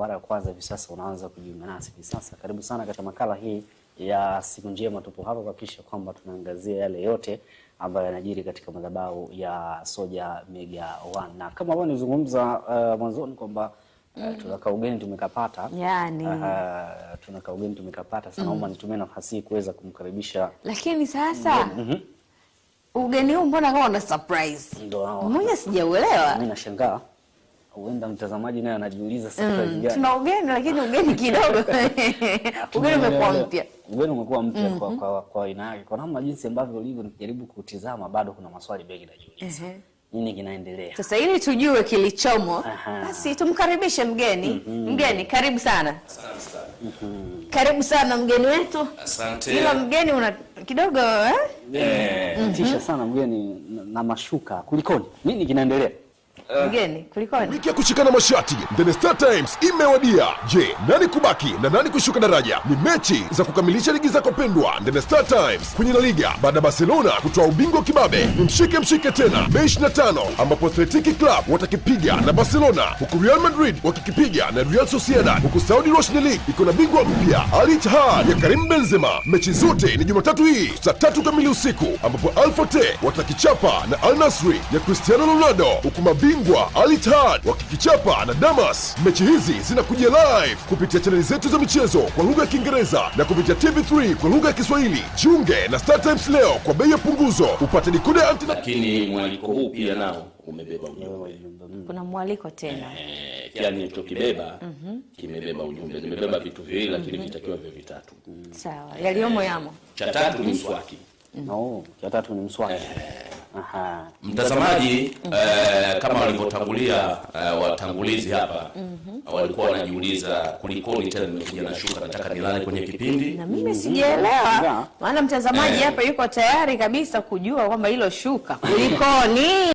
Mara ya kwanza hivi sasa unaanza kujiunga nasi hivi sasa, karibu sana katika makala hii ya siku njema. Tupo hapa kuhakikisha kwamba tunaangazia yale yote ambayo yanajiri katika madhabahu ya Soja Mega One, na kama ambavyo nilizungumza uh, mwanzoni kwamba uh, mm. tunaka ugeni tumekapata yani. uh, tunaka ugeni tumekapata sana. Naomba mm. nitumie nafasi hii kuweza kumkaribisha, lakini sasa mm -hmm. ugeni huu mbona kama una surprise? Ndio mimi sijauelewa, mimi nashangaa huenda mtazamaji naye anajiuliza sasa hivi mm. gani. Tuna ugeni lakini ugeni kidogo. Ugeni umekuwa mpya. Ugeni umekuwa mpya kwa mm-hmm. kwa kwa aina yake. Kwa namna jinsi ambavyo ulivyo nikijaribu kutizama bado kuna maswali mengi najiuliza. Mm -hmm. Nini kinaendelea? Sasa ili tujue kilichomo, basi tumkaribishe mgeni. Mm -hmm. Mgeni karibu sana. Asante sana. Mm-hmm. Karibu sana mgeni wetu. Asante. Ila mgeni una kidogo eh? Yeah. Mm -hmm. Tisha mm-hmm. sana mgeni na mashuka. Kulikoni? Nini kinaendelea? Eh. mgeni kulikoni? Wiki ya kushikana mashati The Star Times imewadia. Je, nani kubaki na nani kushuka daraja? Ni mechi za kukamilisha ligi zako pendwa. The Star Times kwenye La Liga, baada ya Barcelona kutoa ubingwa kibabe, ni mshike mshike tena Mei 25, ambapo Athletic Club watakipiga na Barcelona, huku Real Madrid wakikipiga na Real Sociedad, huku Saudi Roshni League iko na bingwa mpya Al Ittihad ya Karim Benzema. Mechi zote ni Jumatatu hii saa tatu kamili usiku, ambapo Al Fateh watakichapa na Al Nassr ya Cristiano Ronaldo, huku mabingwa bingwa Alitad wakikichapa na Damas. Mechi hizi zinakuja live kupitia chaneli zetu za michezo kwa lugha ya Kiingereza na kupitia TV3 kwa lugha ya Kiswahili. Jiunge na Star Times leo kwa bei ya punguzo upate nikode antina... Lakini mwaliko huu pia nao umebeba ujumbe, kuna mwaliko tena eh, eh kila nilichokibeba mm -hmm. kimebeba ujumbe. Nimebeba vitu viwili, lakini vitakiwa vyo vitatu. Sawa, yaliyomo yamo. Cha tatu ni mswaki, cha tatu ni mswaki eh, Aha. Mtazamaji mm -hmm. eh, kama walivyotangulia eh, watangulizi hapa mm -hmm. walikuwa wanajiuliza kulikoni tena nimekuja na shuka nataka nilale kwenye kipindi, na mimi sijaelewa, mm-hmm. maana mtazamaji eh. hapa eh. yuko tayari kabisa kujua kwamba hilo shuka kulikoni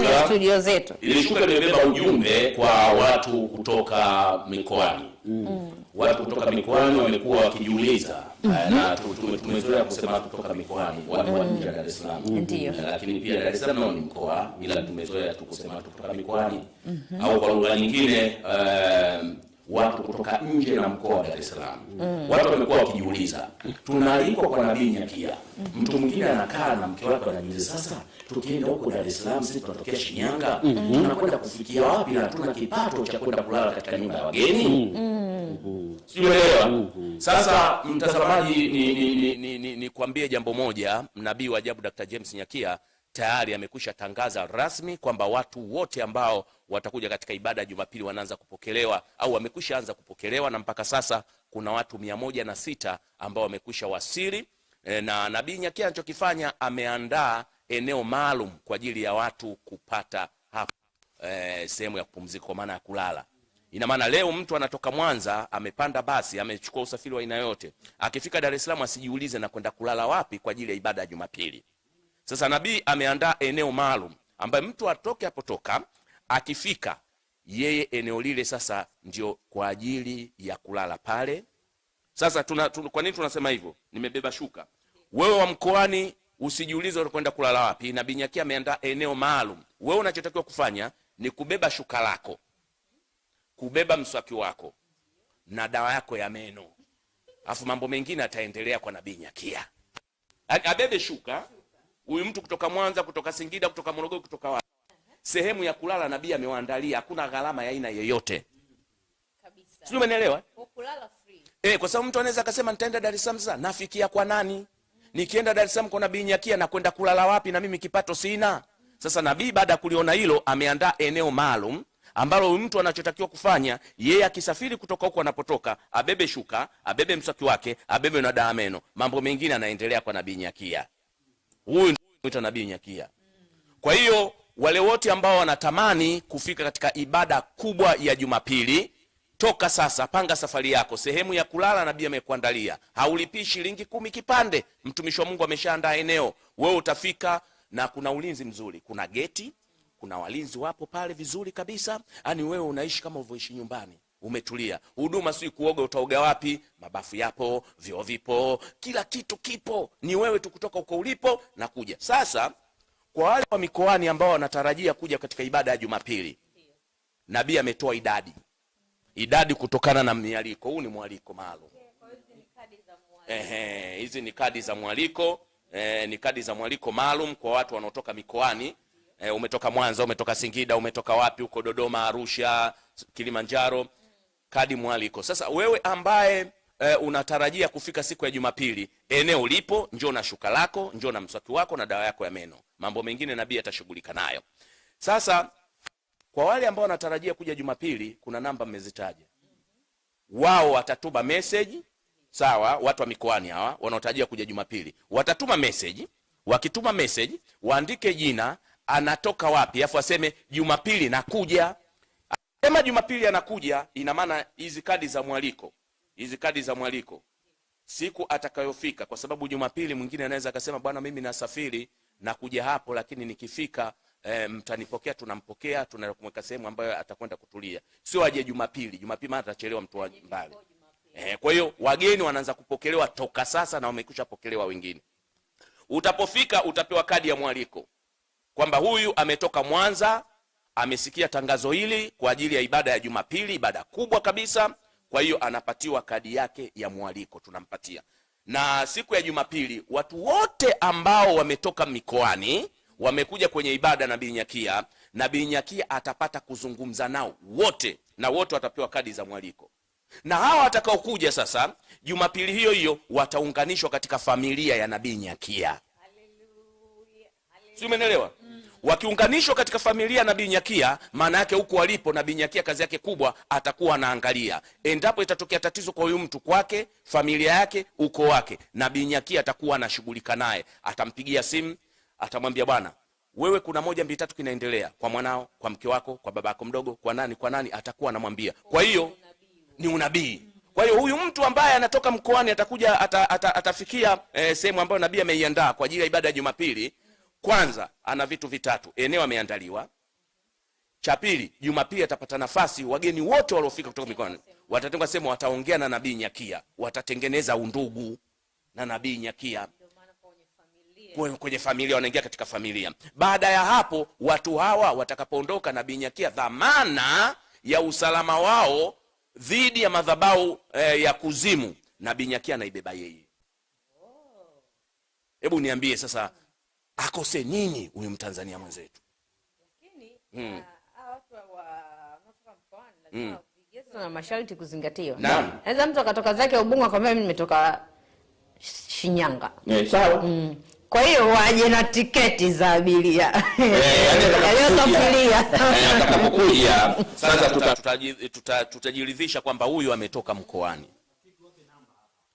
ndani ya studio zetu. ilishuka imebeba ujumbe kwa watu kutoka mikoani mm. Watu kutoka mikoani wamekuwa wakijiuliza eh, na tumezoea kusema kutoka mikoani watu wa mm. Dar es Salaam eh, lakini pia Dar es Salaam nao ni mkoa, ila tumezoea tu kusema kutoka mikoani mm -hmm. au kwa lugha nyingine uh, watu kutoka nje na mkoa wa Dar es Salaam mm. Watu wamekuwa wakijiuliza, tunaalikwa kwa Nabii Nyakia mm. Mtu mwingine anakaa na mke wake anajiuliza, sasa tukienda huko Dar es Salaam sisi tunatokea Shinyanga mm -hmm. Tunakwenda kufikia wapi na tuna kipato cha kwenda kulala katika nyumba ya wageni mm. mm. mm -hmm. Sasa mtazamaji, ni, ni, ni, ni, ni, ni, ni jambo moja, nabii wa ajabu Dr. James Nyakia tayari amekwisha tangaza rasmi kwamba watu wote ambao watakuja katika ibada ya Jumapili wanaanza kupokelewa au wamekwisha anza kupokelewa, na mpaka sasa kuna watu mia moja na sita ambao wamekwisha wasili, eh, na Nabii Nyakia anachokifanya ameandaa eneo maalum kwa ajili ya watu kupata hapo e, eh, sehemu ya kupumzika kwa maana ya kulala. Ina maana leo mtu anatoka Mwanza amepanda basi amechukua usafiri wa aina yote, akifika Dar es Salaam asijiulize na kwenda kulala wapi kwa ajili ya ibada ya Jumapili. Sasa nabii ameandaa eneo maalum ambaye mtu atoke apotoka, akifika yeye eneo lile sasa ndio kwa ajili ya kulala pale. Sasa tuna, tuna, kwa nini tunasema hivyo? Nimebeba shuka. Wewe wa mkoani usijiulize utakwenda kulala wapi. Nabii Nyakia ameandaa eneo maalum. Wewe unachotakiwa kufanya ni kubeba shuka lako, kubeba mswaki wako na dawa yako ya meno, afu mambo mengine ataendelea kwa nabii Nyakia. Abebe shuka huyu mtu kutoka Mwanza, kutoka Singida, kutoka Morogoro, kutoka wapi, sehemu ya kulala nabii amewaandalia, hakuna gharama ya aina yoyote kabisa. Sio, umeelewa? Kulala free eh, kwa sababu mtu anaweza akasema nitaenda Dar es Salaam, sasa nafikia kwa nani? Nikienda Dar es Salaam kwa nabii Nyakia na kwenda kulala wapi, na mimi kipato sina. Sasa nabii baada ya kuliona hilo, ameandaa eneo maalum ambalo mtu anachotakiwa kufanya yeye akisafiri kutoka huko anapotoka, abebe shuka, abebe mswaki wake, abebe na dawa meno. Mambo mengine anaendelea kwa nabii Nyakia. Huyu huitwa nabii Nyakia. Kwa hiyo wale wote ambao wanatamani kufika katika ibada kubwa ya Jumapili, toka sasa panga safari yako. Sehemu ya kulala nabii amekuandalia, haulipi shilingi kumi kipande. Mtumishi wa Mungu ameshaandaa eneo, wewe utafika na kuna ulinzi mzuri, kuna geti, kuna walinzi wapo pale vizuri kabisa, yaani wewe unaishi kama ulivyoishi nyumbani umetulia. Huduma si kuoga, utaoga wapi? Mabafu yapo, vyo vipo, kila kitu kipo, ni wewe tu kutoka uko ulipo na kuja. Sasa kwa wale wa mikoani ambao wanatarajia kuja katika ibada ya Jumapili, nabii ametoa idadi, idadi kutokana na mialiko. Huu ni mwaliko maalum. Ehe, hizi ni kadi za mwaliko e, ni kadi za mwaliko maalum kwa watu wanaotoka mikoani e, umetoka Mwanza, umetoka Singida, umetoka wapi huko Dodoma, Arusha, Kilimanjaro kadi mwaliko. Sasa wewe ambaye e, unatarajia kufika siku ya Jumapili, eneo ulipo, njoo na shuka lako, njoo na mswaki wako na dawa yako ya meno. Mambo mengine nabii atashughulika nayo. Sasa kwa wale ambao wanatarajia kuja Jumapili, kuna namba mmezitaja, wao watatuma message. Sawa, watu wa mikoani hawa wanaotarajia kuja Jumapili watatuma message. Wakituma message, waandike jina, anatoka wapi, afu aseme Jumapili nakuja Sema Jumapili anakuja, ina maana hizi kadi za mwaliko, hizi kadi za mwaliko siku atakayofika, kwa sababu Jumapili mwingine anaweza akasema bwana, mimi nasafiri na kuja hapo, lakini nikifika e, mtanipokea, tunampokea, tunamweka sehemu ambayo atakwenda kutulia, sio aje Jumapili. Jumapili maana atachelewa mtu wa mbali eh. Kwa hiyo wageni wanaanza kupokelewa toka sasa na wamekwisha pokelewa wengine. Utapofika utapewa kadi ya mwaliko kwamba huyu ametoka Mwanza amesikia tangazo hili kwa ajili ya ibada ya Jumapili, ibada kubwa kabisa. Kwa hiyo anapatiwa kadi yake ya mwaliko, tunampatia na siku ya Jumapili watu wote ambao wametoka mikoani wamekuja kwenye ibada na Binyakia, na Binyakia atapata kuzungumza nao wote, na wote watapewa kadi za mwaliko. Na hawa watakaokuja sasa Jumapili hiyo hiyo wataunganishwa katika familia ya Nabii Nyakia, si umeelewa? wakiunganishwa katika familia na Binyakia, maana yake huku walipo na Binyakia kazi yake kubwa atakuwa anaangalia endapo itatokea tatizo kwa huyu mtu, kwake, familia yake, uko wake, na Binyakia atakuwa anashughulika naye, atampigia simu, atamwambia bwana wewe kuna moja mbili tatu kinaendelea kwa mwanao, kwa mke wako, kwa baba yako mdogo, kwa nani, kwa nani, atakuwa anamwambia. Kwa hiyo ni unabii. Kwa hiyo huyu mtu ambaye anatoka mkoani atakuja, atafikia ata, ata, ata eh, sehemu ambayo nabii ameiandaa kwa ajili ya ibada ya Jumapili kwanza ana vitu vitatu: eneo ameandaliwa, cha pili, Jumapili atapata nafasi, wageni wote waliofika kutoka mikoani watatengwa sehemu, wataongea na nabii Nyakia, watatengeneza undugu na nabii Nyakia kwenye familia, wanaingia katika familia. Baada ya hapo, watu hawa watakapoondoka, nabii Nyakia dhamana ya usalama wao dhidi ya madhabahu eh, ya kuzimu, nabii Nyakia anaibeba yeye. Hebu niambie sasa akose nini huyu mtanzania mwenzetu masharti kuzingatiwa. Naweza mtu akatoka zake Ubungo akamwambia mimi nimetoka Shinyanga. Eh, sawa. Mm. Kwa hiyo waje na tiketi za abiria eh, yaliyosafiria. Eh, sasa tutajiridhisha kwamba huyu ametoka mkoani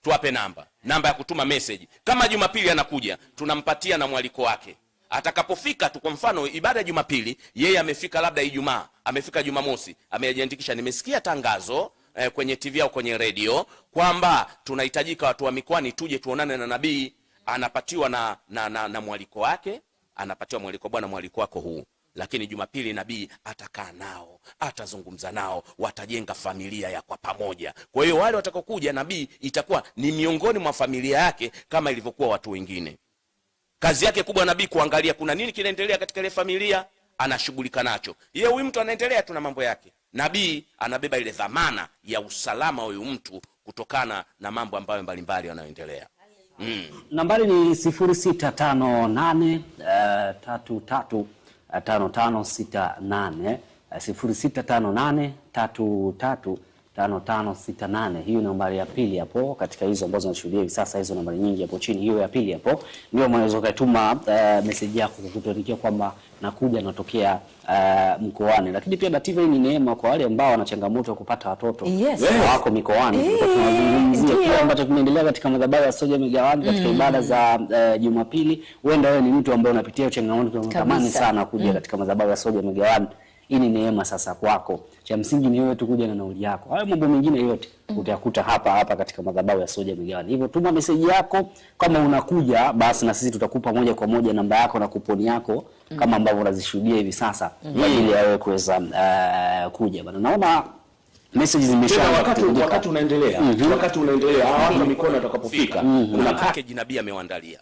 tuwape namba namba ya kutuma message. Kama Jumapili anakuja, tunampatia na mwaliko wake atakapofika tu. Kwa mfano ibada ya Jumapili, yeye amefika labda Ijumaa, amefika Jumamosi, amejiandikisha, nimesikia tangazo eh, kwenye TV au kwenye redio kwamba tunahitajika watu wa mikoani, tuje tuonane na nabii. Anapatiwa na, na, na, na mwaliko wake, anapatiwa mwaliko, bwana mwaliko wako huu lakini Jumapili nabii atakaa nao, atazungumza nao, watajenga familia ya kwa pamoja. Kwa hiyo wale watakokuja nabii itakuwa ni miongoni mwa familia yake kama ilivyokuwa watu wengine. Kazi yake kubwa nabii kuangalia kuna nini kinaendelea katika ile familia, anashughulika nacho. ye. huyu mtu anaendelea tu na mambo yake. Nabii anabeba ile dhamana ya usalama huyu mtu kutokana na mambo ambayo mbalimbali yanayoendelea. Mm. Nambari ni sifuri sita tano nane eh, tatu tatu Eh, tano tano sita nane eh, sifuri sita tano nane tatu tatu tano tano sita nane. Hiyo nambari ya pili hapo katika hizo ambazo unashuhudia hivi sasa, hizo nambari nyingi hapo chini, hiyo ya pili hapo ndio unaweza ukatuma uh, message yako kukutuandikia kwamba nakuja natokea uh, mkoani. Lakini pia DATV ni neema kwa wale ambao wana changamoto ya kupata watoto yes. wako mikoani e, tunazungumzia kile ambacho kinaendelea katika madhabahu ya Soja Migawani katika mm. ibada za uh, Jumapili. Huenda wewe ni mtu ambaye unapitia changamoto, tunatamani sana kuja mm. katika madhabahu ya Soja Migawani hii ni neema sasa kwako. Cha msingi ni wewe tu kuja na nauli yako. Hayo mambo mengine yote mm. utayakuta hapa hapa katika madhabahu ya Soja Migawani. Hivyo tuma meseji yako kama unakuja, basi na sisi tutakupa moja kwa moja namba yako na kuponi yako mm. kama ambavyo unazishuhudia hivi sasa mm. kwa mm. ajili ya wewe kuweza uh, kuja bana. Naona message zimesha wakati wakati unaendelea mm -hmm. wakati unaendelea hapo mhm. mikono atakapofika mm -hmm. kuna package nabii amewaandalia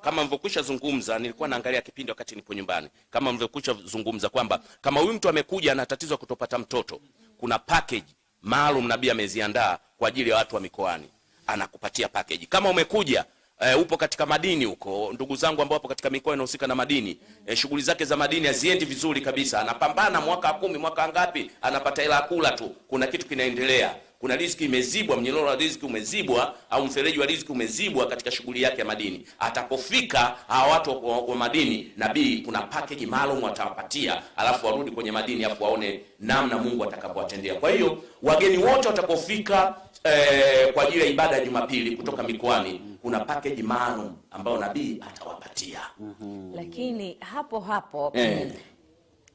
kama mlivyokwisha zungumza, nilikuwa naangalia kipindi wakati nipo nyumbani, kama mlivyokwisha zungumza kwamba kama huyu mtu amekuja ana tatizo kutopata mtoto, kuna package maalum nabii ameziandaa kwa ajili ya watu wa mikoani, anakupatia package. Kama umekuja e, upo katika madini huko, ndugu zangu ambao wapo katika mikoa inahusika na madini e, shughuli zake za madini haziendi vizuri kabisa, anapambana mwaka kumi, mwaka ngapi, anapata hela kula tu, kuna kitu kinaendelea kuna riziki imezibwa, mnyororo wa riziki umezibwa, au mfereji wa riziki umezibwa katika shughuli yake ya madini. Atapofika hawa watu wa, madini, nabii kuna package maalum atawapatia, alafu warudi kwenye madini, alafu waone namna Mungu atakapowatendea. Kwa hiyo wageni wote watakofika eh, kwa ajili ya ibada ya Jumapili kutoka mikoani kuna package maalum ambayo nabii atawapatia. mm -hmm. Lakini hapo hapo eh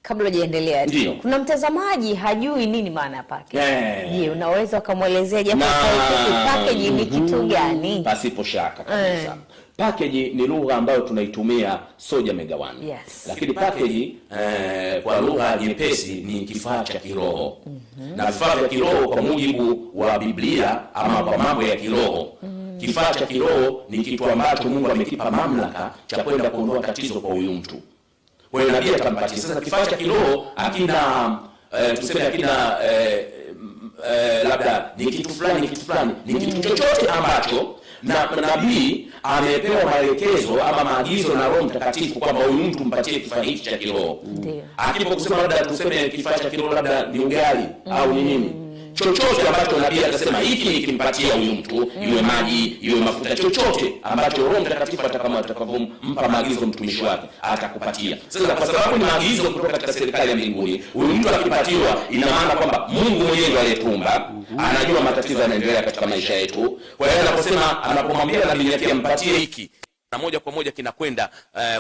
kabla hujaendelea tu, kuna mtazamaji hajui nini maana ya package. Eh. Je, yeah. unaweza ukamwelezea japo kwa package ni mhm. kitu gani? Pasipo shaka eh. kabisa. Mm. Package ni lugha ambayo tunaitumia soja megawani. Yes. Lakini package eh, kwa lugha nyepesi ni kifaa cha kiroho. Mm -hmm. Na vifaa vya kiroho kwa mujibu wa Biblia ama kwa mambo ya kiroho. Mm -hmm. Kifaa cha kiroho ni kitu ambacho Mungu amekipa mamlaka cha kwenda kuondoa tatizo kwa huyu mtu. Mm kwa hiyo nabii atampatia. Sasa kifaa cha kiroho akina eh, tuseme akina eh, eh, eh, labda ni kitu fulani ni kitu fulani ni kitu chochote ambacho na nabii amepewa maelekezo ama maagizo na Roho Mtakatifu kwamba huyu mtu mpatie kifaa hiki cha kiroho. Ndio. Akipo kusema labda tuseme kifaa cha kiroho labda ni ugali mm. au ni nini? Mm chochote ambacho nabii atasema hiki nikimpatia huyu mtu, iwe maji iwe mafuta, chochote ambacho Roho Mtakatifu atakavyompa maagizo mtumishi wake atakupatia. Sasa kwa sababu ni maagizo kutoka katika serikali ya mbinguni, huyu mtu akipatiwa, ina maana kwamba Mungu mwenyewe ndiye aliyetumba, anajua matatizo yanaendelea katika maisha yetu. Kwa hiyo anaposema, anapomwambia nabii yake ampatie hiki na moja kwa moja kinakwenda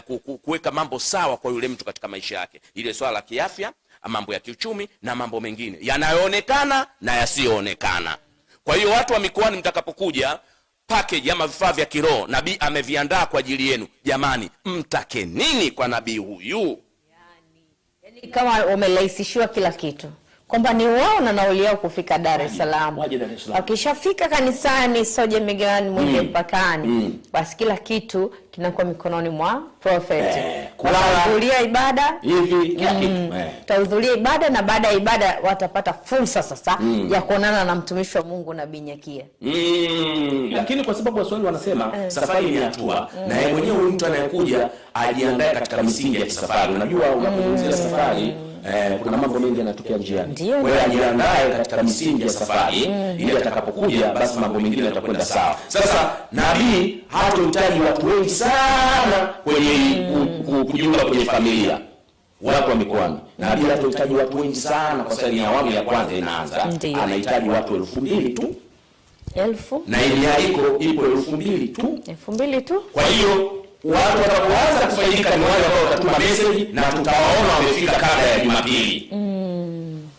uh, kuweka mambo sawa kwa yule mtu katika maisha yake, ile swala la kiafya mambo ya kiuchumi na mambo mengine yanayoonekana na yasiyoonekana. Kwa hiyo watu wa mikoani mtakapokuja, package ama vifaa vya kiroho nabii ameviandaa kwa ajili yenu. Jamani, mtake nini kwa nabii huyu? Yani, yani kama wamerahisishiwa kila kitu kwamba ni wao na nauli yao kufika Dar es Salaam. Wakishafika kanisani, soje migawani, mwende mm. mpakani mm. Basi kila kitu kinakuwa mikononi mwa prophet eh, ibada hivi mm. eh. ibada na baada ya ibada watapata fursa sasa mm. ya kuonana na mtumishi wa Mungu Nabii Nyakia mm. Lakini kwa sababu Waswahili wanasema eh, safari ni hatua mm. na yeye mwenyewe mtu anayekuja ajiandae katika misingi ya safari. Unajua, unapozungumzia mm. safari mm eh, kuna mambo mengi yanatokea njiani. Kwa hiyo ajiandae katika misingi ya safari mm, ili atakapokuja basi mambo mengine yatakwenda sawa. Sasa nabii hatohitaji watu wengi sana kwenye mm, kujiunga kwenye familia wako wa mikoani. Nabii hatohitaji watu wengi sana kwa sababu ni awamu ya kwanza inaanza, anahitaji watu elfu mbili tu elfu. na eliaiko ipo elfu mbili tu elfu mbili tu, kwa hiyo watu watakuanza kufaidika ni wale ambao watatuma meseji na tutawaona wamefika kabla ya Jumapili. Mm.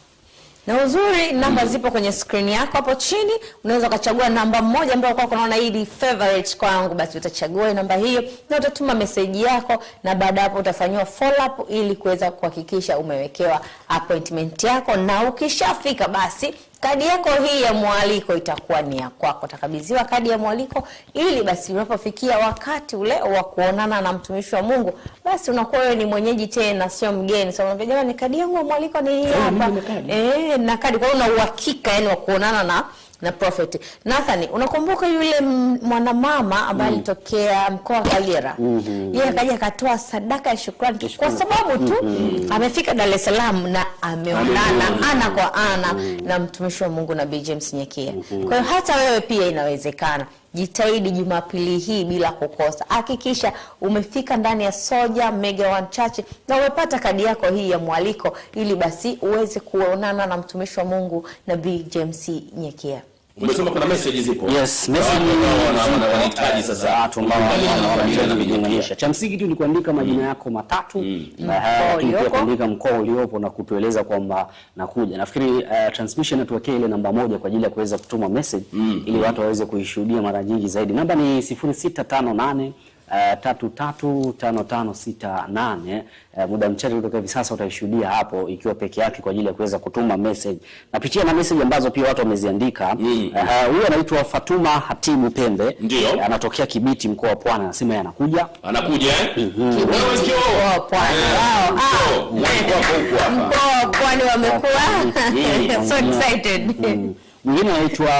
Na uzuri namba zipo kwenye screen yako hapo chini, unaweza ukachagua namba moja ambayo kwako unaona hii favorite kwangu, basi utachagua namba hiyo na utatuma meseji yako, na baada hapo utafanyiwa follow up ili kuweza kuhakikisha umewekewa appointment yako, na ukishafika basi Kadi yako hii ya mwaliko itakuwa ni ya kwako, utakabidhiwa kadi ya mwaliko ili basi unapofikia wakati ule wa kuonana na mtumishi wa Mungu, basi unakuwa wewe ni mwenyeji tena, sio mgeni. So unaambia jamani, kadi yangu ya mwaliko ni hii hapa, eh, na kadi. Kwa hiyo una uhakika yani wa kuonana na na Prophet Nathan, unakumbuka yule mwanamama ambaye mm. alitokea mm. mkoa wa Kagera mm -hmm. yeye akaja akatoa sadaka ya shukrani kwa sababu tu mm -hmm. amefika Dar es Salaam na ameonana mm -hmm. ana kwa ana mm -hmm. na mtumishi wa Mungu Nabii James Nyekia mm -hmm. kwa hiyo hata wewe pia inawezekana jitahidi Jumapili hii bila kukosa. Hakikisha umefika ndani ya Soja Mega One Church na umepata kadi yako hii ya mwaliko, ili basi uweze kuonana na mtumishi wa Mungu Nabii James Nyekia. Umesema kuna message ziko. Yes, message ni wanahitaji sasa watu ambao wanafanya na wanajiunganisha. Cha msingi tu ni kuandika majina mm. yako matatu mm, mm. Eh, lakini pia kuandika mkoa uliopo na kutueleza kwamba nakuja. Nafikiri eh, transmission atuwekee ile namba moja kwa ajili ya kuweza kutuma message ili watu waweze kuishuhudia mara nyingi zaidi. Namba ni 0658 Eh, tatu tatu tano tano sita nane. Uh, muda mchache kutoka hivi sasa utaishuhudia hapo ikiwa peke yake kwa ajili ya kuweza kutuma message. Napitia na message ambazo pia watu wameziandika. Mm. Eh, huyu mm. uh, anaitwa Fatuma Hatibu Pembe. Ndio. Anatokea Kibiti mkoa wa Pwani. Anasema anakuja. Anakuja eh? Wewe mhm. sio wa Pwani. Wow. Ah. Mkoa wa Pwani wamekuwa so excited. Mm. Mwingine anaitwa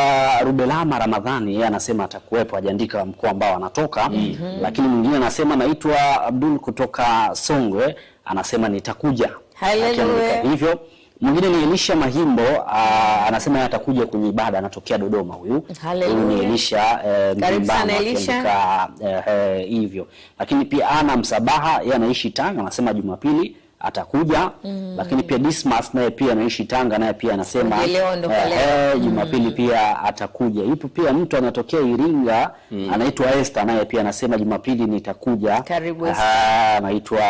Rubelama Ramadhani, yeye anasema atakuwepo, ajaandika mkoa ambao anatoka mm -hmm. Lakini mwingine anasema anaitwa Abdul kutoka Songwe, anasema nitakuja. Haleluya. Hivyo mwingine ni Elisha Mahimbo aa, ah, anasema yeye atakuja kwenye ibada, anatokea Dodoma huyu. Haleluya! ni Elisha eh, eh, eh, hivyo. Lakini pia ana Msabaha, yeye anaishi Tanga, anasema Jumapili atakuja mm. Lakini pia Dismas naye pia anaishi Tanga, naye pia anasema eh, Jumapili eh, mm. pia atakuja. Yupo pia mtu anatokea Iringa mm. anaitwa Esther, naye pia anasema Jumapili nitakuja. Karibu ah, Esther, anaitwa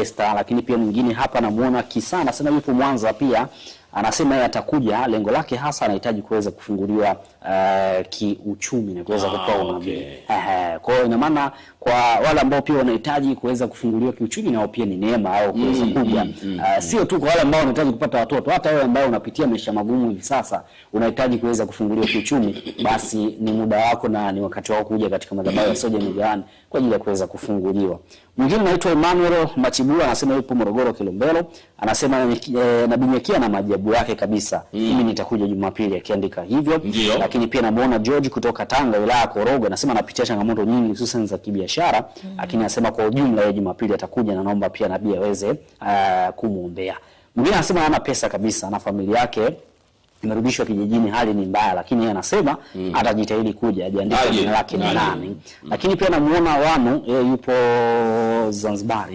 Esther. Lakini pia mwingine hapa namuona Kisa anasema yupo Mwanza pia anasema yeye atakuja, lengo lake hasa anahitaji kuweza kufunguliwa uh, kiuchumi na kuweza ah, kupewa unabii okay. Eh, eh, kwa hiyo ina maana kwa wale ambao pia wanahitaji kuweza kufunguliwa kiuchumi, nao pia ni neema au kuweza mm, kubwa, mm, mm, ah, sio tu kwa wale ambao wanahitaji kupata watoto. Hata wewe ambao unapitia maisha magumu hivi sasa unahitaji kuweza kufunguliwa kiuchumi, basi ni muda wako na ni wakati wako kuja katika madhabahu ya Soja Migaani kwa ajili ya kuweza kufunguliwa. Mwingine anaitwa Emmanuel Machibua anasema yupo Morogoro Kilombero, anasema eh, Nabii na maajabu yake kabisa. Mimi mm. nitakuja Jumapili akiandika hivyo. Ndiyo. Lakini pia namuona George kutoka Tanga wilaya ya Koroga anasema anapitia changamoto nyingi hususan za kibiashara biashara mm. Lakini anasema kwa ujumla yeye Jumapili atakuja na naomba pia nabii aweze uh, kumuombea. Mwingine anasema hana pesa kabisa na familia yake imerudishwa kijijini, hali ni mbaya, lakini yeye anasema mm. atajitahidi kuja, ajiandike jina lake ni nani. Mm. Lakini pia namuona Wanu, yeye yupo Zanzibar,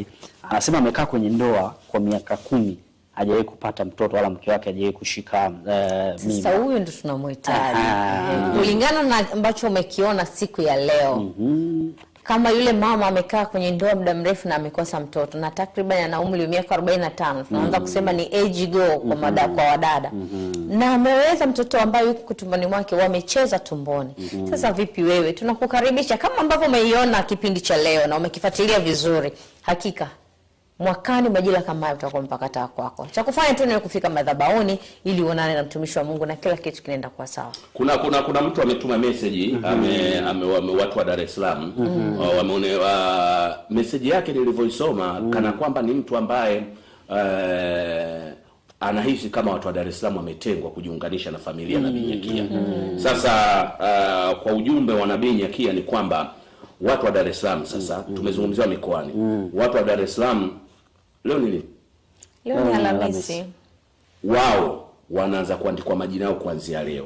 anasema amekaa kwenye ndoa kwa miaka kumi hajawahi kupata mtoto wala mke wake hajawahi kushika uh, mimba. Sasa huyu ndio tunamhitaji kulingana na ambacho umekiona siku ya leo. mm -hmm kama yule mama amekaa kwenye ndoa muda mrefu na amekosa mtoto na takriban ana umri wa miaka 45 tunaanza mm-hmm. kusema ni age go kwa madada mm-hmm. kwa wadada mm-hmm. na ameweza mtoto ambaye yuko tumboni mwake wamecheza tumboni. Sasa vipi wewe, tunakukaribisha kama ambavyo umeiona kipindi cha leo na umekifuatilia vizuri, hakika mwakani majira kama hayo utakuwa mpaka taa kwako. Cha kufanya tu ni kufika madhabahuni ili uonane na mtumishi wa Mungu na kila kitu kinaenda kwa sawa. Kuna kuna kuna mtu ametuma message mm -hmm. ame, ame, ame watu wa Dar es Salaam mm -hmm. Uh, wameona uh, message yake nilivyoisoma mm -hmm. kana kwamba ni mtu ambaye uh, anahisi kama watu wa Dar es Salaam wametengwa kujiunganisha na familia mm -hmm. Nabii Nyakia mm -hmm. Sasa uh, kwa ujumbe wa Nabii Nyakia ni kwamba watu wa Dar es Salaam sasa mm -hmm. tumezungumzia mikoani mm -hmm. watu wa Dar es Salaam leo nini? Leo ni Alhamisi. Wao wanaanza kuandikwa majina yao kuanzia leo,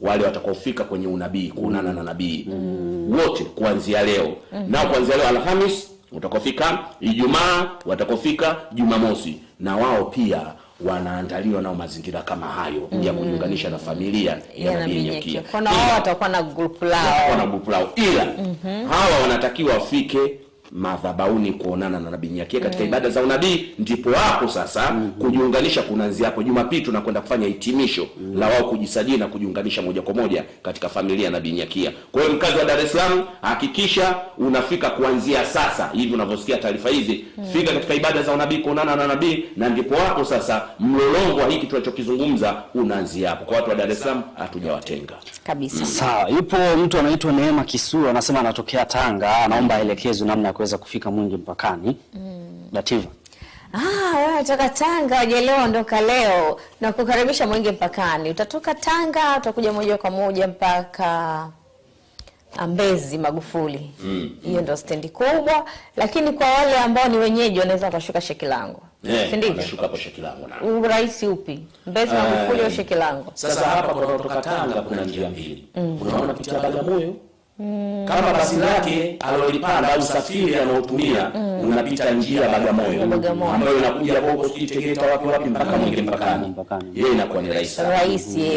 wale watakaofika kwenye unabii kuonana na nabii mm. wote kuanzia leo mm -hmm. nao kuanzia leo Alhamisi watakaofika Ijumaa, watakaofika Jumamosi, na wao pia wanaandaliwa nao mazingira kama hayo mm -hmm. ya kujiunganisha na familia ya Nabii Nyakia. Kuna wao watakuwa na group lao, watakuwa na group lao, ila mm -hmm. hawa wanatakiwa wafike madhabauni kuonana na nabii Nyakia katika mm. ibada za unabii. Ndipo hapo sasa mm -hmm. kujiunganisha kunaanzia hapo. Jumapili tunakwenda kufanya hitimisho mm -hmm. la wao kujisajili na kujiunganisha moja kwa moja katika familia ya nabii Nyakia. Kwa hiyo mkazi wa Dar es Salaam, hakikisha unafika kuanzia sasa hivi unavyosikia taarifa hizi mm -hmm. fika katika ibada za unabii kuonana na nabii, na ndipo hapo sasa mlolongo wa hiki tunachokizungumza unaanzia hapo. Kwa watu wa Dar es Salaam hatujawatenga kabisa. mm. Sawa, yupo mtu anaitwa Neema Kisuru anasema anatokea Tanga, anaomba mm. elekezo namna kuweza kufika Mwingi mpakani mm. Dativa ah, wewe toka Tanga waje leo leo na kukaribisha Mwingi mpakani. Utatoka Tanga utakuja moja kwa moja mpaka ah, Mbezi Magufuli, mm, hiyo mm. ndio stendi kubwa, lakini kwa wale ambao ni wenyeji wanaweza wakashuka Shekilango eh, si ndivyo? Urahisi upi Mbezi eh. Magufuli au Shekilango? Sasa hapa kutoka Tanga kuna njia mbili, mm. unaona pitia Bagamoyo Mm. Kama basi lake alolipanda au usafiri anaotumia mm. unapita njia Bagamoyo ambayo inakuja Bogo sijui Tegeta wapi wapi mpaka mm. Mwenge mpakani, yeye inakuwa ni rahisi rahisi. Mm.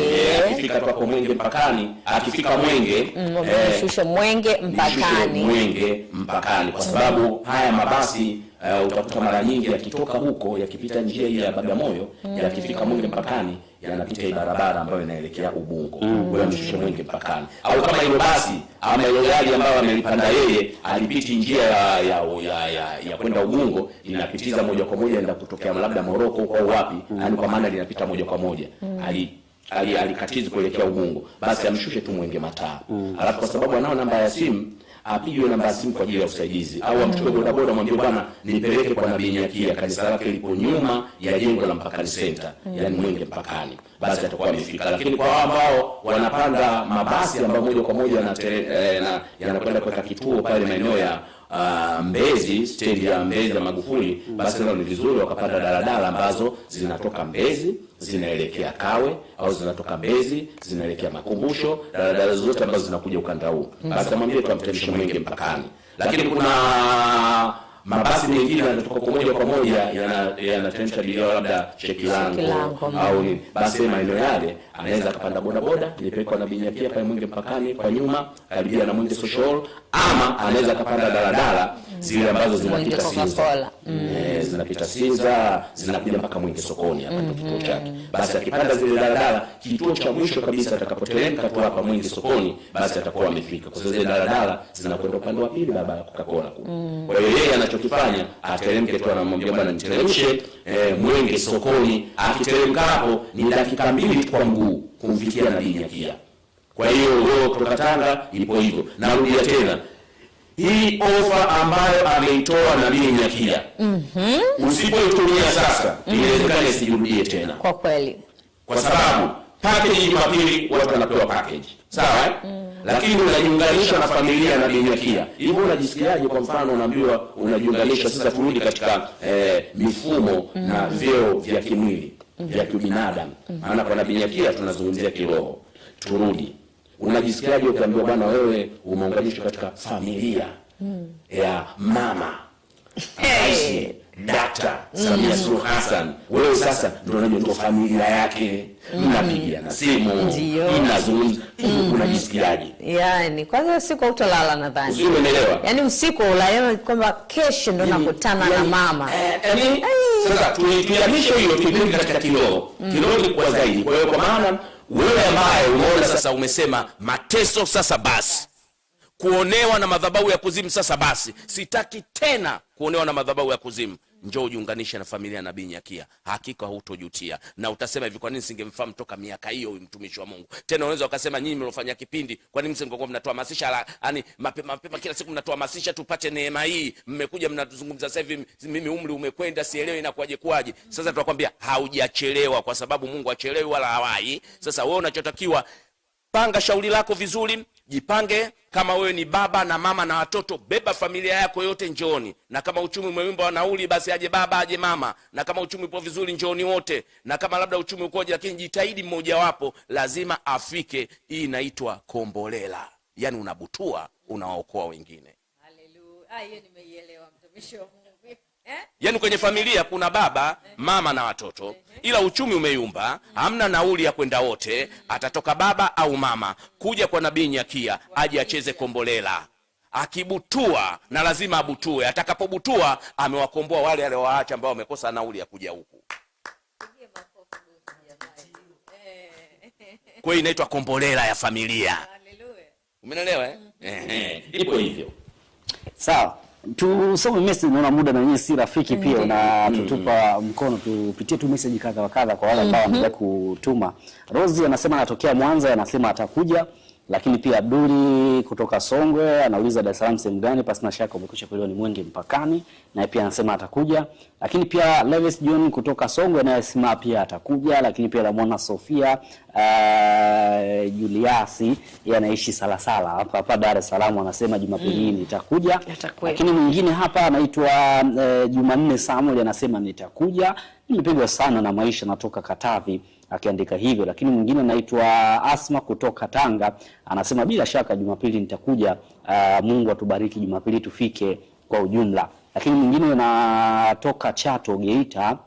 Akifika tu Mwenge mpakani, akifika mm, eh, Mwenge mshushe Mwenge mpakani, Mwenge mpakani, kwa sababu haya mabasi Uh, utakuta mara nyingi yakitoka huko yakipita njia hii ya Bagamoyo mm. yakifika Mwenge mpakani yanapita hii barabara ambayo inaelekea Ubungo mm. wewe mshushe Mwenge mpakani, au kama ile basi ama hilo gari ambayo amelipanda yeye alipiti njia ya ya, ya, ya, ya kwenda Ubungo inapitiza moja kwa moja enda kutokea labda Moroko au wapi mm. yani kwa maana linapita moja kwa moja mm. ali alikatizi ali kuelekea Ubungo, basi amshushe tu Mwenge Mataa mm. alafu kwa sababu anao namba ya simu apigwe ah, namba ya simu kwa ajili ya usaidizi, au amchukue bodaboda, mwambie bwana, nipeleke kwa Nabii Nyakia, kanisa lake lipo nyuma ya jengo la Mpakani senta mm. yani Mwenge Mpakani, basi atakuwa amefika. Lakini kwa wao ambao wanapanda mabasi ambayo moja kwa moja eh, yanakwenda kuweka kituo pale maeneo ya uh, Mbezi, stendi ya Mbezi ya Magufuli, basi sasa ni vizuri wakapata daladala ambazo zinatoka Mbezi zinaelekea Kawe au zinatoka Mbezi zinaelekea Makumbusho, daladala zote ambazo zinakuja ukanda huu, basi amwambie tuamtemshe mwenge mpakani, lakini kuna mabasi mengine yanatoka kwa moja kwa moja yanateremsha abiria labda Shekilango mm. au ni basi maeneo yale anaweza akapanda bodaboda. nipekwa na Binyakia pale mwinge mpakani kwa nyuma, karibia na Mwenge social, ama anaweza akapanda daladala zile ambazo zinapita Siza zinapita Siza mm. eh, zinakuja mpaka Mwenge sokoni hapa ndo kituo mm-hmm. chake. Basi akipanda zile daladala, kituo cha mwisho kabisa atakapoteremka tu hapa Mwenge sokoni, basi atakuwa amefika, kwa sababu zile daladala zinakwenda upande wa pili baba ya coca kule. Mm. Kwa hiyo yeye anachokifanya ateremke tu, anamwambia bwana, niteremshe eh, Mwenge sokoni. Akiteremka hapo ni dakika mbili kwa mguu kumfikia Nabii Nyakia. Kwa hiyo leo kutoka Tanga ipo hivyo, narudia tena hii ofa ambayo ameitoa Nabii Nyakia mm -hmm. usipoitumia sasa mm -hmm. inawezekana tena, kwa kweli, kwa sababu package Jumapili watu wanapewa package sawa mm-hmm. Lakini unajiunganisha na familia na Nabii Nyakia, hivyo unajisikiaje? Kwa mfano unaambiwa unajiunganisha sasa, turudi katika eh, mifumo mm. na vyeo vya kimwili vya kibinadamu mm. maana mm. kwa Nabii Nyakia tunazungumzia kiroho, turudi Unajisikiaje ukiambiwa bwana, wewe umeunganishwa katika familia mm. ya mama hey. Dakta Samia mm. Suluhu Hassan, wewe sasa ndio unajua ndio familia yake, mm. mnapigiana simu, mnazungumza, mm. unajisikiaje? Yani kwanza usiku hautalala nadhani, yani usiku kwamba kesho nakutana na mama. Yani eh, eh, sasa tuihamishe hiyo kipindi katika kiroho, kiroho ni kwa zaidi. Kwa hiyo kwa maana wewe ambaye umeona sasa umesema mateso sasa basi kuonewa na madhabahu ya kuzimu sasa basi sitaki tena kuonewa na madhabahu ya kuzimu njoo ujiunganishe na familia ya nabii Nyakia, hakika hutojutia. Na utasema hivi, kwa nini singemfahamu toka miaka hiyo huyu mtumishi wa Mungu? Tena unaweza ukasema, nyinyi mlofanya kipindi, kwa nini msingekuwa mnatoa hamasisha, yani mapema mapema, kila siku mnatoa hamasisha tupate neema hii? Mmekuja mnazungumza sasa hivi, mimi umri umekwenda, sielewi inakuwaje kuwaje. Sasa tunakwambia haujachelewa, kwa sababu Mungu achelewi wala hawai. Sasa wewe unachotakiwa panga shauri lako vizuri, jipange kama wewe ni baba na mama na watoto beba familia yako yote njooni na kama uchumi umeyumba wa nauli basi aje baba aje mama na kama uchumi upo vizuri njooni wote na kama labda uchumi ukoje lakini jitahidi mmojawapo lazima afike hii inaitwa kombolela yani unabutua unawaokoa wengine Hallelujah. Ah, hiyo nimeielewa mtumishi wa Eh? Yaani kwenye familia kuna baba, eh. mama na watoto, eh. ila uchumi umeyumba, mm. hamna nauli ya kwenda wote. Mm. Atatoka baba au mama kuja kwa Nabii Nyakia aje acheze kombolela, akibutua na lazima abutue. Atakapobutua amewakomboa wale aliowaacha ambao wamekosa nauli ya kuja huku. Kwa hiyo inaitwa kombolela ya familia. Umenelewa eh? Mm-hmm. Ipo hivyo, sawa tusome message, naona muda na nyinyi si rafiki pia, mm -hmm. na mm-hmm. tutupa mkono, tupitie tu message kadha wa kadha kwa wale ambao mm-hmm. wanaendelea kutuma. Rosie anasema anatokea Mwanza, anasema atakuja lakini pia Abduli kutoka Songwe anauliza Dar es Salaam sehemu gani? Pasi na shaka umekwisha kuelewa ni Mwenge mpakani, naye pia anasema atakuja. Lakini pia Levis John kutoka Songwe naye sima pia atakuja. Lakini pia la mwana Sofia uh, Juliasi yeye anaishi Salasala hapa hapa Dar es Salaam, anasema Jumapili hii mm, nitakuja. Lakini mwingine hapa anaitwa uh, Jumanne Samuel anasema nitakuja, nimepigwa sana na maisha, natoka Katavi akiandika hivyo. Lakini mwingine anaitwa Asma kutoka Tanga anasema bila shaka Jumapili nitakuja. Uh, Mungu atubariki Jumapili tufike kwa ujumla. Lakini mwingine anatoka Chato Geita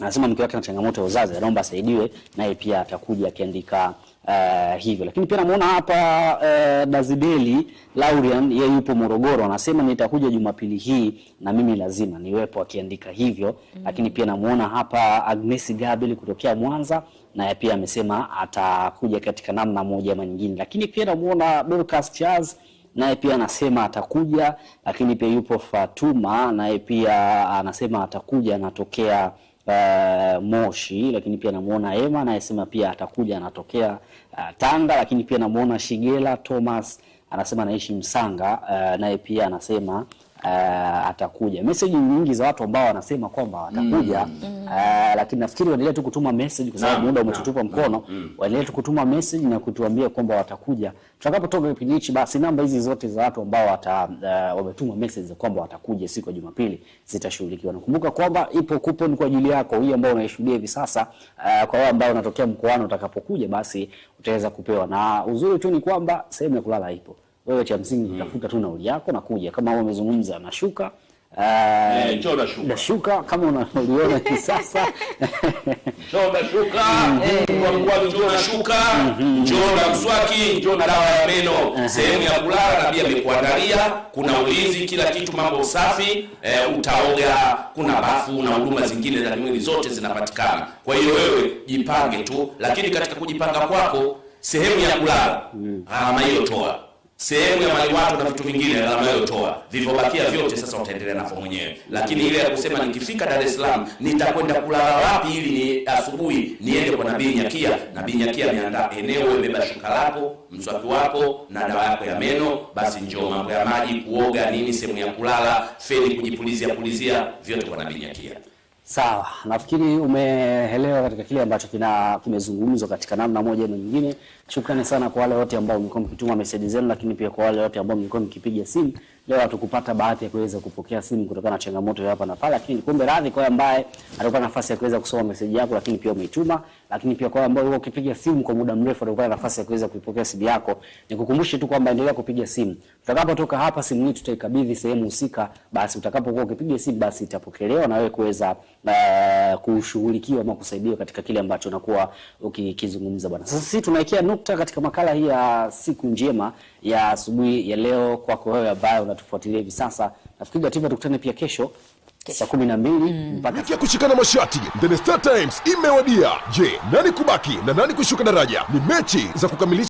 anasema mke wake ana changamoto ya uzazi, anaomba asaidiwe, naye pia atakuja akiandika uh, hivyo lakini pia namuona hapa uh, Dazibeli Laurian yeye yupo Morogoro, anasema nitakuja Jumapili hii na mimi lazima niwepo, akiandika hivyo mm -hmm. Lakini pia namuona hapa Agnes Gabel kutokea Mwanza, naye pia amesema atakuja katika namna moja ama nyingine. Lakini pia namuona Dorcas Charles naye pia anasema atakuja, lakini pia yupo Fatuma naye pia anasema atakuja, anatokea uh, Moshi, lakini pia namuona ema anayesema pia atakuja anatokea uh, Tanga, lakini pia namuona Shigela Thomas anasema anaishi Msanga, uh, naye pia anasema uh, atakuja. Message nyingi za watu ambao wanasema kwamba atakuja mm. uh, lakini nafikiri waendelee tu kutuma message kwa sababu muda umetutupa mkono. Mm. mm. Waendelee tu kutuma message na kutuambia kwamba watakuja. Tutakapotoka kipindi hichi, basi namba hizi zote za watu ambao wata, uh, wametuma message kwamba watakuja siku ya Jumapili zitashughulikiwa. Nakumbuka kwamba ipo coupon kwa ajili yako hii ambayo unaishuhudia hivi sasa. Uh, kwa wale ambao unatokea mkoani utakapokuja, basi utaweza kupewa, na uzuri tu ni kwamba sehemu ya kulala ipo wewe cha msingi mm. tafuta tu nauli yako na kuja, kama umezungumza nashuka Uh, na shuka. Shuka kama unaliona hivi sasa. Njoo na shuka. njoo na shuka. Mm-hmm. Mm-hmm. Njoo na mswaki, njoo na dawa ya meno. Uh-huh. Sehemu ya kulala na pia imekuandalia, kuna ulinzi, kila kitu, mambo safi, eh, utaoga, kuna bafu na huduma zingine za mwili zote zinapatikana. Kwa hiyo wewe jipange tu, lakini katika kujipanga kwako sehemu ya kulala, mm. ama hiyo toa sehemu ya maliwato na vitu vingine anayotoa, vilivyobakia vyote sasa utaendelea navo mwenyewe. Lakini ile ya kusema nikifika Dar es Salaam nitakwenda kulala wapi ili ni asubuhi niende kwa Nabii Nyakia, Nabii Nyakia ameanda eneo, wewe beba shuka lako, mswaki wako na dawa yako ya meno, basi njoo, mambo ya maji, kuoga nini, sehemu ya kulala, feni kujipulizia pulizia, vyote kwa Nabii Nyakia. Sawa, nafikiri umeelewa katika kile ambacho kina kimezungumzwa katika namna moja na nyingine. Shukrani sana kwa wale wote ambao mlikuwa mkituma message zenu, lakini pia kwa wale wote ambao mlikuwa mkipiga simu. Leo hatukupata bahati ya kuweza kupokea simu kutokana na changamoto ya hapa na pale, lakini kumbe radhi kwa ambaye alikuwa nafasi ya kuweza kusoma message yako, lakini pia umeituma lakini pia kwa wale ambao ukipiga simu kwa muda mrefu unapata nafasi ya kuweza kuipokea simu yako. Nikukumbushe tu kwamba endelea kupiga simu. Tutakapotoka hapa, simu hii tutaikabidhi sehemu husika, basi utakapokuwa ukipiga simu, basi itapokelewa na wewe kuweza uh, kushughulikiwa ama kusaidiwa katika kile ambacho unakuwa ukikizungumza bwana. Sasa sisi tunaekea nukta katika makala hii ya siku njema ya asubuhi ya leo kwako wewe ambaye unatufuatilia hivi sasa. Nafikiri tukutane pia kesho saa kumi na mbili mm. mpaka ya kushikana mashati The Star Times imewadia. Je, nani kubaki na nani kushuka daraja? Ni mechi za kukamilisha